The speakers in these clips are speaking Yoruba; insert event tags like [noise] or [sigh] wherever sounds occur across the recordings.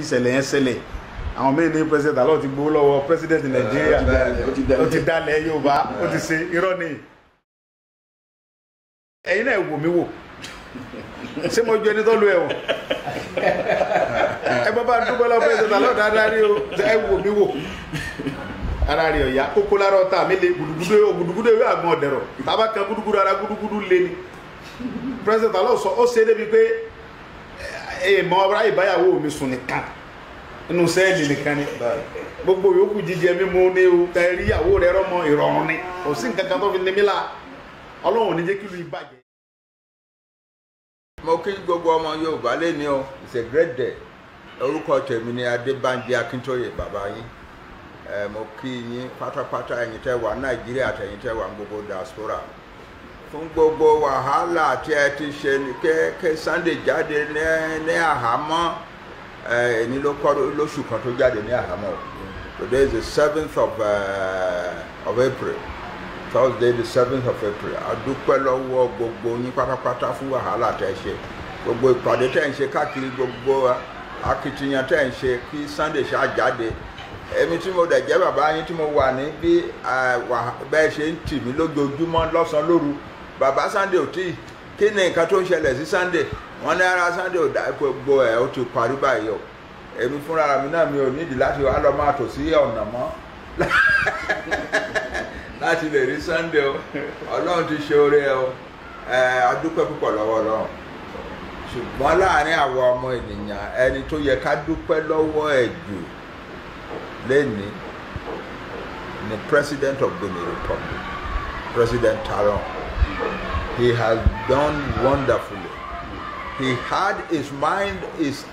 ìṣẹ̀lẹ̀ yẹn ṣẹlẹ̀ àwọn mẹ́rin ní president alọ́ ti gbowó lọ́wọ́ president nàìjíríà ó ti dalẹ̀ yorùbá ọ ti ṣe irọ́ ni ẹ̀yin náà wò mí wò ṣé mo ju ẹni tó lu ẹ̀wọ̀n ẹ bàbá dúpẹ́ lọ́wọ́ president alọ́ dáadáa rí o ẹ wò mí wò mi lé gudugudu yóò gudugudu yóò àgbọn ọ̀dẹ̀rọ̀ tábà kan gudugudu ara gudugudu lé ni president sọ ó ṣe débi pé ee eh, ráyè báyàwó mi sùn nìkan inú sẹ́ẹ̀lì nìkan ni gbogbo yòókù jíjẹ mímu ní o tẹ̀rí ìyàwó rẹ rọmọ ni kò sí nǹkan kan tó ní la ò ní kí gbogbo ọmọ yorùbá o orúkọ tèmi ni bàbá yín mo kí yín pátápátá diaspora. fún gbogbo wàhálà tí ẹ ti ṣe kẹ Sunday jáde ní àhámọ́ ẹni ló kọ́ lóṣù kan tó jáde ní àhámọ́ today is the seventh of, uh, of April Thursday the seventh of April adúpẹ́ lọ́wọ́ gbogbo yín pátápátá fún wàhálà tẹ́ ṣe gbogbo ìpàdé tẹ́ ń ṣe káàkiri gbogbo akitiyan tẹ́ ń ṣe kí Sunday ṣáà jáde èmi tí mo dẹ̀ jẹ́ bàbá yín tí mo wà ní bí bẹ́ẹ̀ ṣe ń tì mí lójoojúmọ́ lọ́sàn-án lóru baba Sunday ò tí kí ni nǹkan tó ń ṣẹlẹ̀ sí Sunday wọ́n ní ara Sunday ò gbogbo ẹ̀ ó ti parí báyìí o èmi fúnra mi náà mi ò nídìí láti wá lọ máa tò sí ọ̀nà mọ́ [laughs] láti lè rí Sunday o Ọlọ́run ti ṣe oore o adúpẹ́ púpọ̀ lọ́wọ́ Ọlọ́run ṣùgbọ́n láàrin àwa ọmọ ènìyàn ẹni tó yẹ ká dúpẹ́ lọ́wọ́ ẹ̀ jù lẹ́ni ni President of Benin Republic President Talon He has done wonderfully. He had his mind, his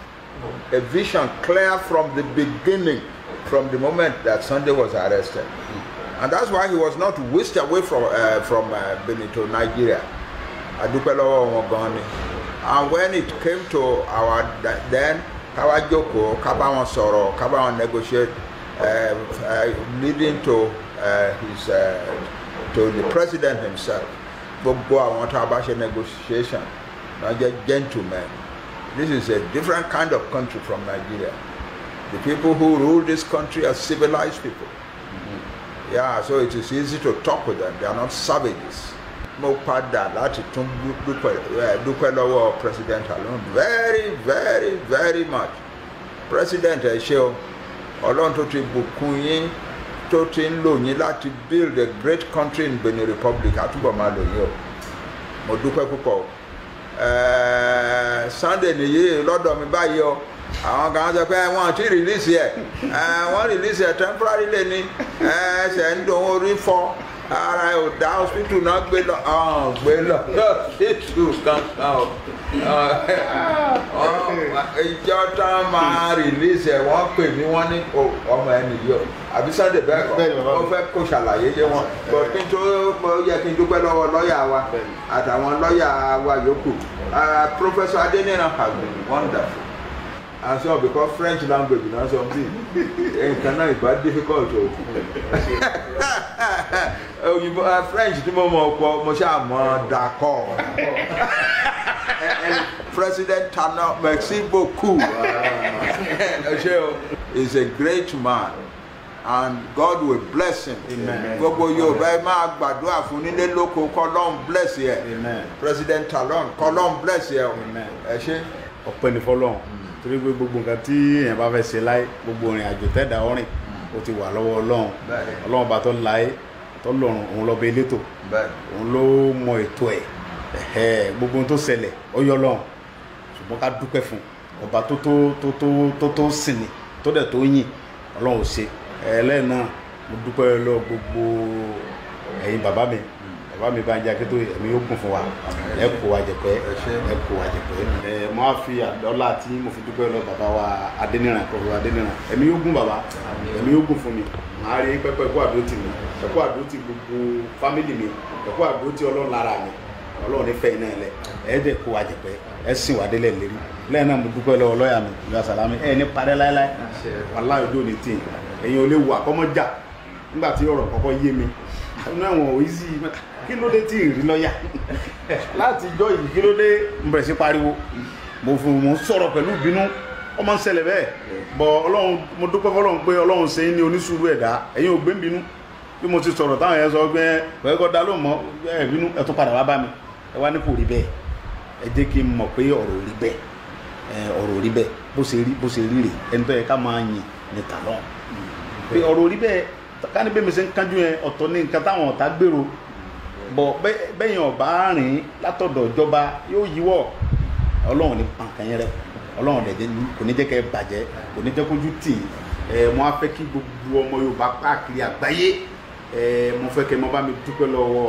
a vision clear from the beginning, from the moment that Sunday was arrested. And that's why he was not whisked away from, uh, from uh, Benito, Nigeria. Adúpẹ́lọ́wọ́ wọn And when it came to our then, Kawajoko, jókòó, Soro, wọn negotiate, uh, uh, leading to uh, his, uh, to the president himself gbogbo àwọn tá a bá ṣe negotiation náà jẹ́ gentlemen this is a different kind of country from Nigeria the people who rule this country are civilized people mm-hmm. yeah so it is easy to talk with them they are not savages mo padà láti tún dúpẹ́ lọ́wọ́ president alone very very very much president ẹ ṣé o ọlọ́run tó ti bùkún yín tó ti ń lò yín láti build a great country in Benin Republic àtúbọ̀ máa lò yín o mo dúpẹ́ púpọ̀ eh, Sunday nìyí lọ́dọ̀ mi báyìí o àwọn kan sọ pé wọn ti release ẹ eh, wọn release ẹ temporary ni eh, ẹ ṣe ń dùn orí fọ́ ara ẹ̀ ò dá hospital náà gbé lọ ọ̀hún gbé lọ hospital kankan o ìjọ tá a máa release ẹ̀ wọ́n pè mí wọ́n ní ọmọ ẹ̀ nìyí o àbí Sunday bẹ́ẹ̀ ó fẹ́ kó ṣàlàyé yé wọn bọ̀ tó yẹ kí n dúpẹ́ lọ́wọ́ lọ́ọ̀yà wa àtàwọn lọ́ọ̀yà wa yòókù Professor Adeniran has been wonderful and so because French language na something nǹkan náà ìbá difficult o òyìnbó eh, french tí mo mọ̀ pọ̀ mo ṣe àmọ́ dakọ president tana merci beaucoup is a great man and God will bless him gbogbo yorùbá ẹ máa gbàdúrà fún nílé lóko kọlọ́n bless yẹ president talon kọlọ́n bless yẹ ẹ ṣe. ọpẹ́ ni fọ́lọ́run torí pé gbogbo nǹkan tí èèyàn bá fẹ́ ṣe láyé gbogbo ìrìn àjò tẹ̀dá ọ̀rìn ó ti wà lọ́wọ́ ọlọ́run ọlọ́run bá tó láyé tọ́lọ́run òun lọ́ba elétò òun ló mọ ètò ẹ̀ gbogbo ohun tó ṣẹlẹ̀ ó yọ lọ́run ṣùgbọ́n ká dúpẹ́ fún ọba tó tó tó tó tó tó sìn ní tó dẹ̀ tó yìn ọlọ́run ò ṣe ẹlẹ́yìn náà mo dúpẹ́ lọ gbogbo ẹ̀yin bàbá mi bàbá mi bá ń jẹ akéwì ẹ̀mí yóò kún fún wa ẹ kó wa jẹpẹ ẹ kó wa jẹpẹ. ẹ mọ àfi àdọ́là tí mo fi dúpẹ́ lọ bàbá wa adẹniran kọfọ adẹniran ẹ̀mí yóò gún bàbá ẹ̀mí yóò gún fún mi màá rí pẹpẹ ẹkọ àdúró tì mí ẹkọ àdúró tì gbogbo fámìlì mi ẹkọ àdúró tì ọlọ́run lára mi ọlọ́run ní fẹ́yìn náà lẹ ẹ dẹ kó wa jẹpẹ ẹ sìn wà délẹ̀ lérí lẹ́yìn náà mo dúpẹ́ lọ ọlọ́yà mi ìyá sàlámì ẹ ní parẹ́ láéláé wàláyé ojú ò ní tì ẹ̀yin ò lè wà kọ́mọ́jà nígbà tí ọ̀rọ̀ kọ́kọ́ yé mi inú ẹ̀wọ̀n ò easy kí ló dé tí ì rí lọ́ọ̀yà láti jọ yìí kí ló dé ń bẹ̀rẹ̀ sí pariwo mo fún mo sọ̀rọ̀ pẹ̀lú ìbínú ó máa ń ṣẹlẹ̀ bẹ́ẹ̀ bọ̀ ọlọ́run mo dúpẹ́ fọlọ́run pé ọlọ́run ṣe ní onísùúrù ẹ̀dá ẹ̀yin ò gbé ń bínú bí mo ti sọ̀rọ̀ táwọn yẹn sọ pé ẹ̀ kọ́ da ló mọ́ ẹ̀ bínú ẹ̀ tún padà wá bá mi ẹ wá ní kò rí bẹ́ẹ̀ ẹ jẹ́ kí n mọ̀ pé ọ̀rọ̀ rí bẹ́ẹ̀ ọ̀rọ̀ rí bẹ́ẹ̀ bó ṣe rí bó ṣe rí rè ẹni tó yẹ ká máa yìn ní tàlọ́n pé ọ̀rọ̀ rí bẹ́ẹ̀ ká ní bẹ́ẹ̀ mi ṣe ń kánjú yẹn ọ̀tọ̀ ní nǹkan táwọn ọ̀tá gbèrò bọ̀ bẹ́yìn ọ̀bá rìn látọ̀dọ̀ ìjọba yóò yíwọ́ ọlọ́run ní pàǹkà yẹn rẹ ọlọ́run dẹ̀ kò ní jẹ́ kẹ́ bàjẹ́ kò ní jẹ́ kójú tì í ẹ mo á fẹ́ kí gbogbo ọmọ Yorùbá káàkiri àgbáyé ẹ mo fẹ́ kẹ́ mo bá mi dúpẹ́ lọ́wọ́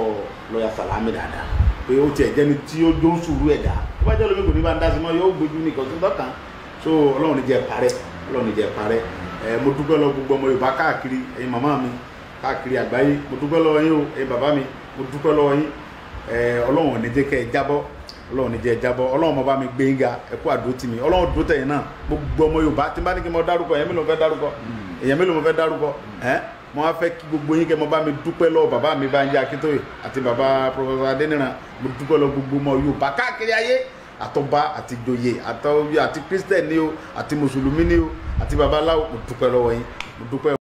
lọ́ọ̀yà Sàlámì dáadáa pé ó tiẹ̀ jẹ́ni tí ó dó ń sùúrù ẹ̀dá tó bá jẹ́ lómi kò ní bá ń dá sí mọ́ yóò gbójú nìkan tó dọ́kan so ọlọ́run ní jẹ́ parẹ́ ọlọ́run ní jẹ́ parẹ́ mo dúpẹ́ lọ gbogbo ọmọ Yorùbá káàkiri ẹ̀yin màmá mi káàkiri àgbáyé mo dúpẹ́ lọ́wọ́ yín o ẹ̀yin bàbá mi mo dúpẹ́ lọ́wọ́ yín ọlọ́run ò ní jẹ́ kẹ́ ẹ jábọ́ ọlọ́run ò ní jẹ́ ẹ jábọ́ ọlọ́run mo bá mi gbé yín ga ẹ kú àdúró tì mí ọlọ́run dúró tẹ̀yìn náà gbogbo ọmọ Yorùbá tí n bá ní kí n mọ dárúkọ èèyàn mélòó fẹ́ dárúkọ èèyàn mélòó fẹ́ dárúkọ ẹ́ mo wá fẹ́ kí gbogbo yín kẹ́ mo bá mi dúpẹ́ lọ́wọ́ bàbá mi Bánjí Akíntóyè àti bàbá pọfẹsọ àtọba àti joyè àtọwí àti kristẹni o àti mùsùlùmí ni o àti babaláwo mo dúpẹ́ lọ́wọ́ yín mo dúpẹ́.